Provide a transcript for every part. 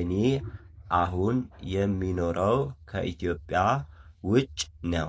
እኔ አሁን የሚኖረው ከኢትዮጵያ ውጭ ነው።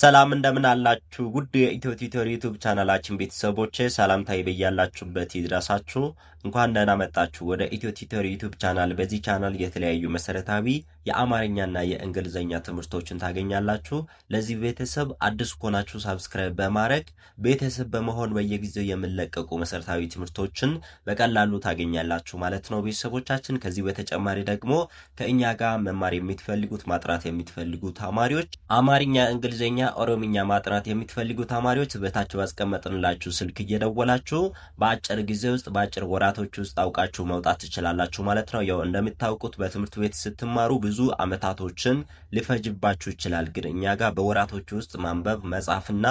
ሰላም እንደምን አላችሁ? ውድ የኢትዮ ቲዩተር ዩቱብ ቻናላችን ቤተሰቦች ሰላምታዬ በያላችሁበት ይድረሳችሁ። እንኳን ደህና መጣችሁ ወደ ኢትዮ ቲዩተር ዩቱብ ቻናል። በዚህ ቻናል የተለያዩ መሰረታዊ የአማርኛና የእንግሊዝኛ ትምህርቶችን ታገኛላችሁ። ለዚህ ቤተሰብ አዲስ ከሆናችሁ ሳብስክራይብ በማድረግ ቤተሰብ በመሆን በየጊዜው የምንለቀቁ መሰረታዊ ትምህርቶችን በቀላሉ ታገኛላችሁ ማለት ነው። ቤተሰቦቻችን ከዚህ በተጨማሪ ደግሞ ከእኛ ጋር መማር የሚትፈልጉት ማጥራት የሚትፈልጉ ተማሪዎች አማርኛ፣ እንግሊዝኛ ኦሮምኛ ማጥናት የምትፈልጉ ተማሪዎች በታች ባስቀመጥንላችሁ ስልክ እየደወላችሁ በአጭር ጊዜ ውስጥ በአጭር ወራቶች ውስጥ አውቃችሁ መውጣት ትችላላችሁ ማለት ነው። ያው እንደምታውቁት በትምህርት ቤት ስትማሩ ብዙ አመታቶችን ሊፈጅባችሁ ይችላል። ግን እኛ ጋር በወራቶች ውስጥ ማንበብ መጻፍና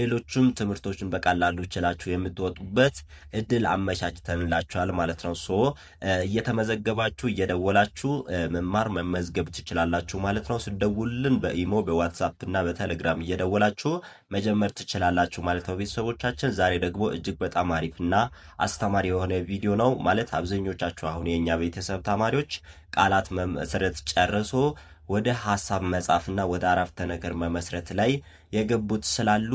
ሌሎችም ትምህርቶችን በቀላሉ ይችላችሁ የምትወጡበት እድል አመቻችተንላችኋል ማለት ነው። ሶ እየተመዘገባችሁ እየደወላችሁ መማር መመዝገብ ትችላላችሁ ማለት ነው። ስደውልን በኢሞ በዋትሳፕ እና በቴሌግራም በቴሌግራም እየደወላችሁ መጀመር ትችላላችሁ ማለት ነው። ቤተሰቦቻችን ዛሬ ደግሞ እጅግ በጣም እና አስተማሪ የሆነ ቪዲዮ ነው ማለት አብዛኞቻችሁ አሁን የእኛ ቤተሰብ ተማሪዎች ቃላት መመስረት ጨርሶ ወደ ሀሳብ መጻፍና ወደ አረፍተ ነገር መመስረት ላይ የገቡት ስላሉ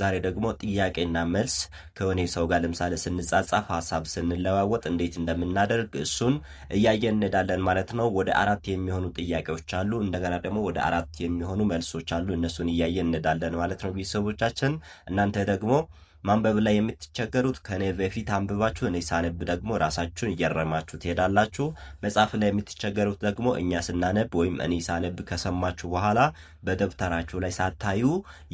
ዛሬ ደግሞ ጥያቄና መልስ ከሆነ ሰው ጋር ለምሳሌ ስንጻጻፍ ሀሳብ ስንለዋወጥ እንዴት እንደምናደርግ እሱን እያየን እንሄዳለን ማለት ነው። ወደ አራት የሚሆኑ ጥያቄዎች አሉ። እንደገና ደግሞ ወደ አራት የሚሆኑ መልሶች አሉ። እነሱን እያየን እንሄዳለን ማለት ነው። ቤተሰቦቻችን እናንተ ደግሞ ማንበብ ላይ የምትቸገሩት ከእኔ በፊት አንብባችሁ እኔ ሳነብ ደግሞ ራሳችሁን እየረማችሁ ትሄዳላችሁ። መጽሐፍ ላይ የምትቸገሩት ደግሞ እኛ ስናነብ ወይም እኔ ሳነብ ከሰማችሁ በኋላ በደብተራችሁ ላይ ሳታዩ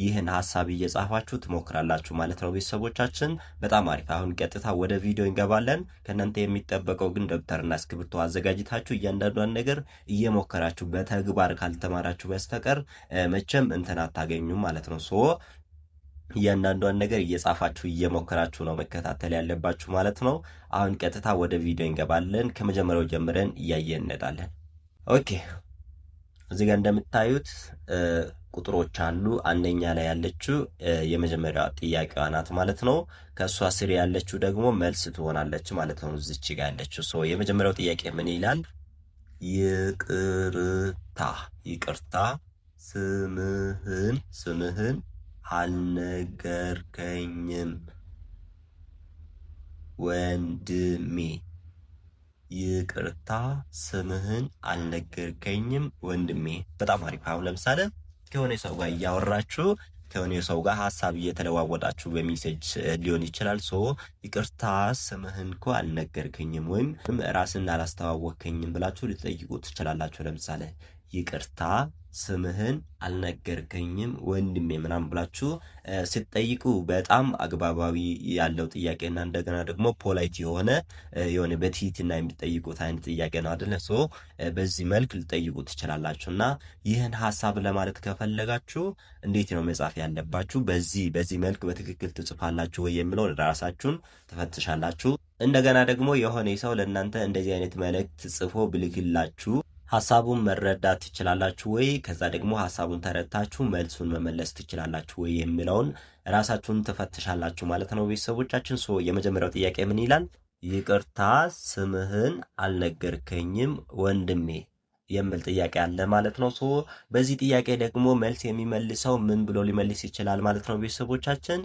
ይህን ሀሳብ እየጻፋችሁ ትሞክራላችሁ ማለት ነው። ቤተሰቦቻችን በጣም አሪፍ። አሁን ቀጥታ ወደ ቪዲዮ እንገባለን። ከእናንተ የሚጠበቀው ግን ደብተርና እስክሪብቶ አዘጋጅታችሁ እያንዳንዷን ነገር እየሞከራችሁ በተግባር ካልተማራችሁ በስተቀር መቼም እንትን አታገኙም ማለት ነው። እያንዳንዷን ነገር እየጻፋችሁ እየሞከራችሁ ነው መከታተል ያለባችሁ ማለት ነው። አሁን ቀጥታ ወደ ቪዲዮ እንገባለን። ከመጀመሪያው ጀምረን እያየን እንሄዳለን። ኦኬ እዚህ ጋር እንደምታዩት ቁጥሮች አሉ። አንደኛ ላይ ያለችው የመጀመሪያ ጥያቄዋ ናት ማለት ነው። ከእሷ ስር ያለችው ደግሞ መልስ ትሆናለች ማለት ነው። እዚች ጋር ያለችው ሰው የመጀመሪያው ጥያቄ ምን ይላል? ይቅርታ ይቅርታ፣ ስምህን ስምህን አልነገርከኝም ወንድሜ። ይቅርታ ስምህን አልነገርከኝም ወንድሜ። በጣም አሪፍ። አሁን ለምሳሌ ከሆነ ሰው ጋር እያወራችሁ ከሆነ ሰው ጋር ሀሳብ እየተለዋወጣችሁ በሚሴጅ ሊሆን ይችላል። ሶ ይቅርታ ስምህን እኮ አልነገርከኝም ወይም ራስን አላስተዋወከኝም ብላችሁ ልትጠይቁ ትችላላችሁ። ለምሳሌ ይቅርታ ስምህን አልነገርከኝም ወንድሜ ምናምን ብላችሁ ስትጠይቁ በጣም አግባባዊ ያለው ጥያቄና እንደገና ደግሞ ፖላይት የሆነ የሆነ በትህትና የሚጠይቁት አይነት ጥያቄ ነው አደለ? ሶ በዚህ መልክ ልጠይቁ ትችላላችሁ። እና ይህን ሀሳብ ለማለት ከፈለጋችሁ እንዴት ነው መጻፍ ያለባችሁ? በዚህ በዚህ መልክ በትክክል ትጽፋላችሁ ወይ የሚለው ራሳችሁን ትፈትሻላችሁ። እንደገና ደግሞ የሆነ ሰው ለእናንተ እንደዚህ አይነት መልእክት ጽፎ ብልክላችሁ ሀሳቡን መረዳት ትችላላችሁ ወይ? ከዛ ደግሞ ሀሳቡን ተረድታችሁ መልሱን መመለስ ትችላላችሁ ወይ የሚለውን ራሳችሁን ትፈትሻላችሁ ማለት ነው። ቤተሰቦቻችን ሶ የመጀመሪያው ጥያቄ ምን ይላል? ይቅርታ ስምህን አልነገርከኝም ወንድሜ የሚል ጥያቄ አለ ማለት ነው። ሶ በዚህ ጥያቄ ደግሞ መልስ የሚመልሰው ምን ብሎ ሊመልስ ይችላል ማለት ነው ቤተሰቦቻችን።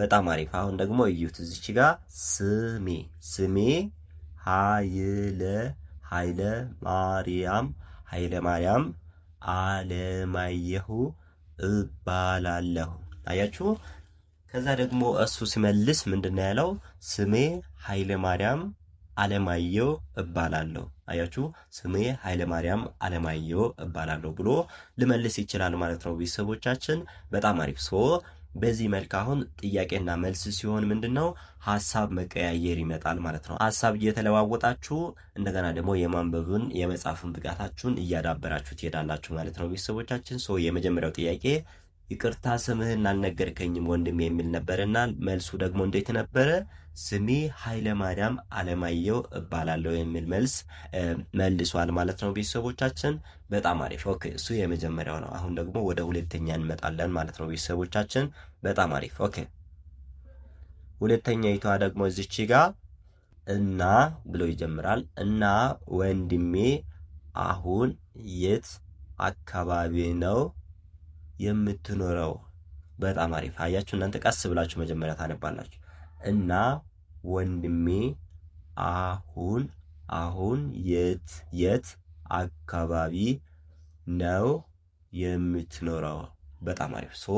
በጣም አሪፍ። አሁን ደግሞ እዩት እዚች ጋር ስሜ ስሜ ሀይለ ኃይለ ማርያም ኃይለ ማርያም አለማየሁ እባላለሁ። አያችሁ። ከዛ ደግሞ እሱ ሲመልስ ምንድን ነው ያለው? ስሜ ኃይለ ማርያም አለማየሁ እባላለሁ። አያችሁ፣ ስሜ ኃይለ ማርያም አለማየሁ እባላለሁ ብሎ ልመልስ ይችላል ማለት ነው። ቤተሰቦቻችን በጣም አሪፍ ሶ በዚህ መልክ አሁን ጥያቄና መልስ ሲሆን ምንድን ነው ሀሳብ መቀያየር ይመጣል ማለት ነው። ሀሳብ እየተለዋወጣችሁ እንደገና ደግሞ የማንበቡን የመጻፍን ብቃታችሁን እያዳበራችሁ ትሄዳላችሁ ማለት ነው ቤተሰቦቻችን። ሰው የመጀመሪያው ጥያቄ ይቅርታ ስምህን አልነገርከኝም ወንድም የሚል ነበርና መልሱ ደግሞ እንዴት ነበረ? ስሜ ኃይለ ማርያም አለማየሁ እባላለሁ የሚል መልስ መልሷል ማለት ነው። ቤተሰቦቻችን በጣም አሪፍ ኦኬ። እሱ የመጀመሪያው ነው። አሁን ደግሞ ወደ ሁለተኛ እንመጣለን ማለት ነው። ቤተሰቦቻችን በጣም አሪፍ ኦኬ። ይቷ ደግሞ እዚች ጋ እና ብሎ ይጀምራል። እና ወንድሜ አሁን የት አካባቢ ነው የምትኖረው። በጣም አሪፍ አያችሁ። እናንተ ቀስ ብላችሁ መጀመሪያ ታነባላችሁ እና ወንድሜ አሁን አሁን የት የት አካባቢ ነው የምትኖረው? በጣም አሪፍ ሶ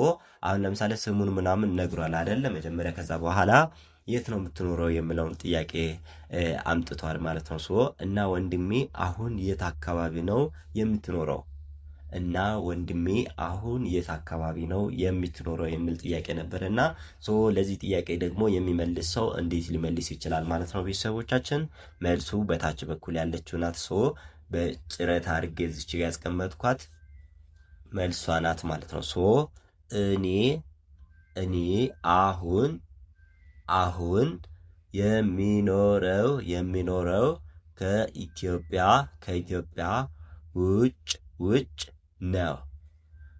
አሁን ለምሳሌ ስሙን ምናምን ነግሯል አይደለ? መጀመሪያ ከዛ በኋላ የት ነው የምትኖረው የሚለውን ጥያቄ አምጥቷል ማለት ነው። ሶ እና ወንድሜ አሁን የት አካባቢ ነው የምትኖረው እና ወንድሜ አሁን የት አካባቢ ነው የምትኖረው የሚል ጥያቄ ነበር እና ለዚህ ጥያቄ ደግሞ የሚመልስ ሰው እንዴት ሊመልስ ይችላል ማለት ነው ቤተሰቦቻችን? መልሱ በታች በኩል ያለችው ናት። ሶ በጭረት አድርጌ ዝች ያስቀመጥኳት መልሷ ናት ማለት ነው። ሶ እኔ እኔ አሁን አሁን የሚኖረው የሚኖረው ከኢትዮጵያ ከኢትዮጵያ ውጭ ውጭ ነው።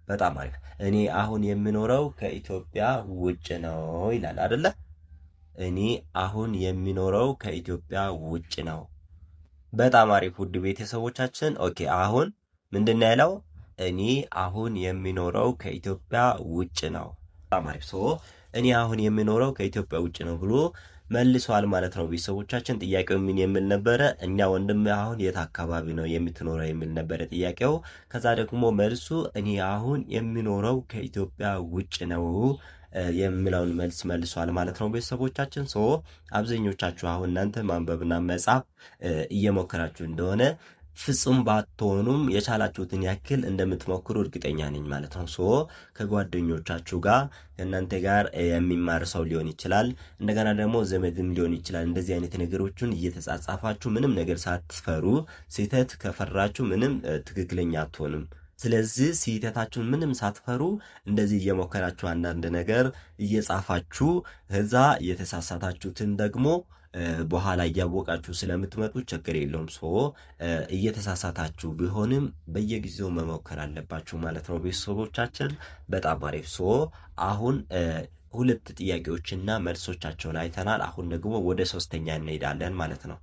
በጣም አሪፍ። እኔ አሁን የምኖረው ከኢትዮጵያ ውጭ ነው ይላል አደለ? እኔ አሁን የሚኖረው ከኢትዮጵያ ውጭ ነው። በጣም አሪፍ ውድ ቤተሰቦቻችን። ኦኬ አሁን ምንድን ነው ያለው? እኔ አሁን የሚኖረው ከኢትዮጵያ ውጭ ነው። በጣም አሪፍ። ሶ እኔ አሁን የሚኖረው ከኢትዮጵያ ውጭ ነው ብሎ መልሰዋል ማለት ነው። ቤተሰቦቻችን ጥያቄው ምን የሚል ነበረ? እኛ ወንድም አሁን የት አካባቢ ነው የምትኖረው የሚል ነበረ ጥያቄው። ከዛ ደግሞ መልሱ እኔ አሁን የሚኖረው ከኢትዮጵያ ውጭ ነው የሚለውን መልስ መልሷል ማለት ነው። ቤተሰቦቻችን ሶ አብዛኞቻችሁ አሁን እናንተ ማንበብና መጻፍ እየሞከራችሁ እንደሆነ ፍጹም ባትሆኑም የቻላችሁትን ያክል እንደምትሞክሩ እርግጠኛ ነኝ ማለት ነው። ሶ ከጓደኞቻችሁ ጋር ከእናንተ ጋር የሚማር ሰው ሊሆን ይችላል፣ እንደገና ደግሞ ዘመድም ሊሆን ይችላል። እንደዚህ አይነት ነገሮችን እየተጻጻፋችሁ ምንም ነገር ሳትፈሩ፣ ስህተት ከፈራችሁ ምንም ትክክለኛ አትሆንም። ስለዚህ ስህተታችሁን ምንም ሳትፈሩ እንደዚህ እየሞከራችሁ አንዳንድ ነገር እየጻፋችሁ ህዛ የተሳሳታችሁትን ደግሞ በኋላ እያወቃችሁ ስለምትመጡ ችግር የለውም። ሶ እየተሳሳታችሁ ቢሆንም በየጊዜው መሞከር አለባችሁ ማለት ነው። ቤተሰቦቻችን በጣም አሪፍ። ሶ አሁን ሁለት ጥያቄዎችና መልሶቻቸውን አይተናል። አሁን ደግሞ ወደ ሶስተኛ እንሄዳለን ማለት ነው።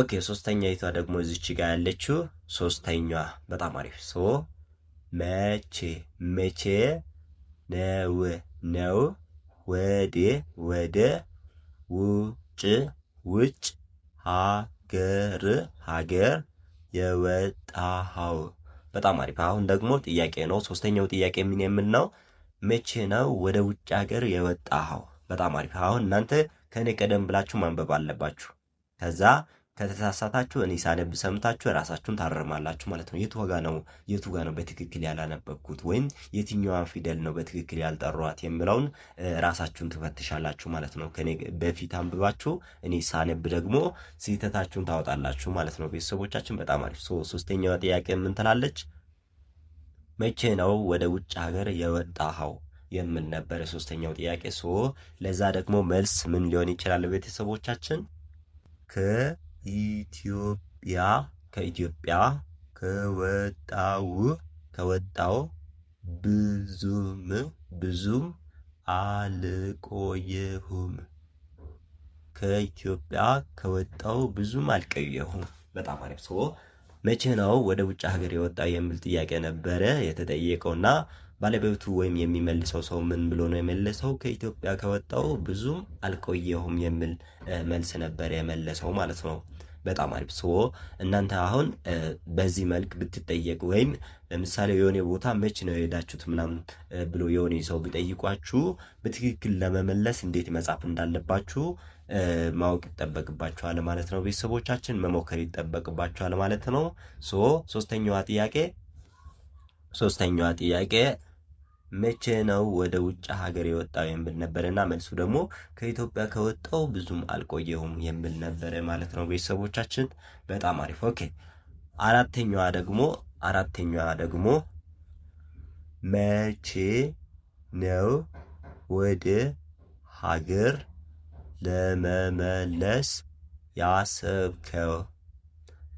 ኦኬ ሶስተኛ ይቷ ደግሞ እዚች ጋር ያለችው ሶስተኛዋ በጣም አሪፍ። ሶ መቼ መቼ ነው ነው ወዴ ወደ ውጭ ውጭ ሀገር ሀገር የወጣኸው? በጣም አሪፍ። አሁን ደግሞ ጥያቄ ነው። ሶስተኛው ጥያቄ ምን የምን ነው? መቼ ነው ወደ ውጭ ሀገር የወጣኸው? በጣም አሪፍ። አሁን እናንተ ከእኔ ቀደም ብላችሁ ማንበብ አለባችሁ። ከዛ ከተሳሳታችሁ እኔ ሳነብ ሰምታችሁ ራሳችሁን ታረማላችሁ ማለት ነው። የቱ ጋ ነው የቱ ጋ ነው በትክክል ያላነበብኩት ወይም የትኛዋን ፊደል ነው በትክክል ያልጠሯት የሚለውን ራሳችሁን ትፈትሻላችሁ ማለት ነው። ከኔ በፊት አንብባችሁ እኔ ሳነብ ደግሞ ስህተታችሁን ታወጣላችሁ ማለት ነው። ቤተሰቦቻችን በጣም አሪፍ። ሶስተኛዋ ጥያቄ ምን ትላለች? መቼ ነው ወደ ውጭ ሀገር የወጣኸው የምን ነበር ሶስተኛው ጥያቄ። ሶ ለዛ ደግሞ መልስ ምን ሊሆን ይችላል ቤተሰቦቻችን? ኢትዮጵያ ከኢትዮጵያ ከወጣው ከወጣው ብዙም ብዙም አልቆየሁም። ከኢትዮጵያ ከወጣው ብዙም አልቆየሁም። በጣም አሪፍ ሰው። መቼ ነው ወደ ውጭ ሀገር የወጣ የሚል ጥያቄ ነበረ የተጠየቀውና ባለቤቱ ወይም የሚመልሰው ሰው ምን ብሎ ነው የመለሰው? ከኢትዮጵያ ከወጣው ብዙም አልቆየሁም የሚል መልስ ነበር የመለሰው ማለት ነው። በጣም አሪፍ ሶ እናንተ አሁን በዚህ መልክ ብትጠየቅ ወይም ለምሳሌ የሆነ ቦታ መች ነው የሄዳችሁት ምናምን ብሎ የሆነ ሰው ቢጠይቋችሁ በትክክል ለመመለስ እንዴት መጻፍ እንዳለባችሁ ማወቅ ይጠበቅባችኋል ማለት ነው። ቤተሰቦቻችን መሞከር ይጠበቅባችኋል ማለት ነው። ሶ ሶስተኛዋ ጥያቄ ሶስተኛዋ ጥያቄ መቼ ነው ወደ ውጭ ሀገር የወጣው የሚል እና መልሱ ደግሞ ከኢትዮጵያ ከወጣው ብዙም አልቆየውም የሚል ነበረ ማለት ነው። ቤተሰቦቻችን በጣም አሪፍ ኦኬ። አራተኛዋ ደግሞ አራተኛዋ ደግሞ መቼ ነው ወደ ሀገር ለመመለስ ያሰብከው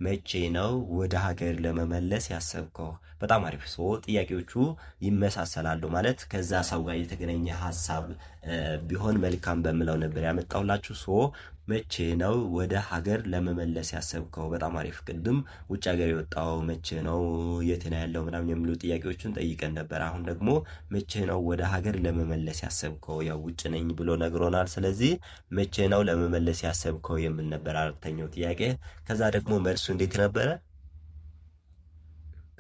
መቼ ነው ወደ ሀገር ለመመለስ ያሰብከው? በጣም አሪፍ ሶ ጥያቄዎቹ ይመሳሰላሉ ማለት ከዛ ሰው ጋር የተገናኘ ሀሳብ ቢሆን መልካም በምለው ነበር ያመጣሁላችሁ ሶ መቼ ነው ወደ ሀገር ለመመለስ ያሰብከው? በጣም አሪፍ። ቅድም ውጭ ሀገር የወጣው መቼ ነው፣ የት ነው ያለው ምናምን የሚሉ ጥያቄዎችን ጠይቀን ነበር። አሁን ደግሞ መቼ ነው ወደ ሀገር ለመመለስ ያሰብከው? ያው ውጭ ነኝ ብሎ ነግሮናል። ስለዚህ መቼ ነው ለመመለስ ያሰብከው የምን ነበር አራተኛው ጥያቄ። ከዛ ደግሞ መልሱ እንዴት ነበረ?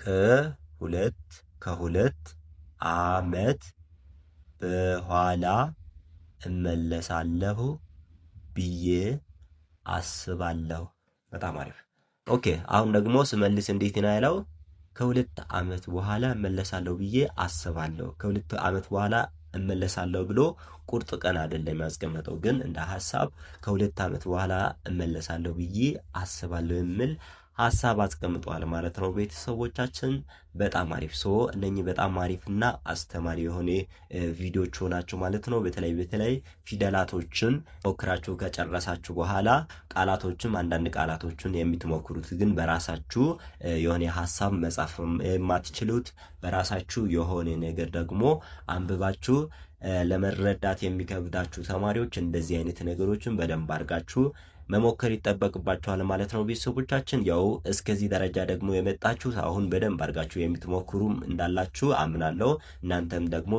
ከሁለት ከሁለት አመት በኋላ እመለሳለሁ ብዬ አስባለሁ። በጣም አሪፍ ኦኬ። አሁን ደግሞ ስመልስ እንዴት ነው ያለው? ከሁለት ዓመት በኋላ እመለሳለሁ ብዬ አስባለሁ። ከሁለት ዓመት በኋላ እመለሳለሁ ብሎ ቁርጥ ቀን አይደለም ያስቀመጠው፣ ግን እንደ ሀሳብ ከሁለት ዓመት በኋላ እመለሳለሁ ብዬ አስባለሁ የሚል ሀሳብ አስቀምጠዋል ማለት ነው። ቤተሰቦቻችን በጣም አሪፍ ሶ እነኚህ በጣም አሪፍና አስተማሪ የሆነ ቪዲዮቹ ናቸው ማለት ነው። በተለይ በተለይ ፊደላቶችን ሞክራችሁ ከጨረሳችሁ በኋላ ቃላቶችም አንዳንድ ቃላቶችን የምትሞክሩት ግን በራሳችሁ የሆነ ሀሳብ መጻፍ የማትችሉት በራሳችሁ የሆነ ነገር ደግሞ አንብባችሁ ለመረዳት የሚከብዳችሁ ተማሪዎች እንደዚህ አይነት ነገሮችን በደንብ አድርጋችሁ መሞከር ይጠበቅባቸዋል ማለት ነው። ቤተሰቦቻችን ያው እስከዚህ ደረጃ ደግሞ የመጣችሁት አሁን በደንብ አድርጋችሁ የምትሞክሩም እንዳላችሁ አምናለሁ። እናንተም ደግሞ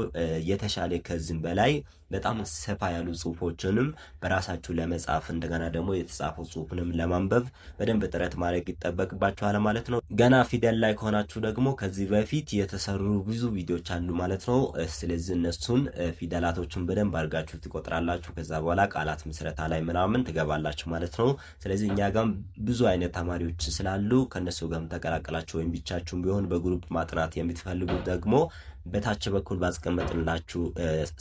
የተሻለ ከዚህም በላይ በጣም ሰፋ ያሉ ጽሁፎችንም በራሳችሁ ለመጻፍ እንደገና ደግሞ የተጻፉ ጽሁፍንም ለማንበብ በደንብ ጥረት ማድረግ ይጠበቅባችኋል ማለት ነው። ገና ፊደል ላይ ከሆናችሁ ደግሞ ከዚህ በፊት የተሰሩ ብዙ ቪዲዮዎች አሉ ማለት ነው። ስለዚህ እነሱን ፊደላቶችን በደንብ አድርጋችሁ ትቆጥራላችሁ። ከዛ በኋላ ቃላት ምስረታ ላይ ምናምን ትገባላችሁ ማለት ማለት ነው። ስለዚህ እኛ ጋም ብዙ አይነት ተማሪዎች ስላሉ ከነሱ ጋም ተቀላቀላችሁ ወይም ብቻችሁም ቢሆን በግሩፕ ማጥናት የምትፈልጉ ደግሞ በታች በኩል ባስቀመጥንላችሁ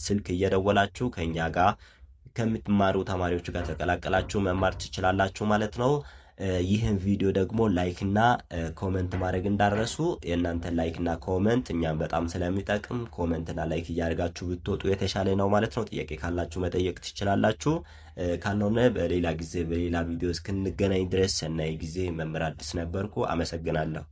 ስልክ እየደወላችሁ ከእኛ ጋር ከምትማሩ ተማሪዎች ጋር ተቀላቀላችሁ መማር ትችላላችሁ ማለት ነው። ይህን ቪዲዮ ደግሞ ላይክና ኮመንት ማድረግ እንዳረሱ። የእናንተን ላይክና ኮመንት እኛም በጣም ስለሚጠቅም ኮመንትና ላይክ እያደርጋችሁ ብትወጡ የተሻለ ነው ማለት ነው። ጥያቄ ካላችሁ መጠየቅ ትችላላችሁ። ካልሆነ በሌላ ጊዜ በሌላ ቪዲዮ እስክንገናኝ ድረስ ሰናይ ጊዜ። መምህር አዲስ ነበርኩ። አመሰግናለሁ።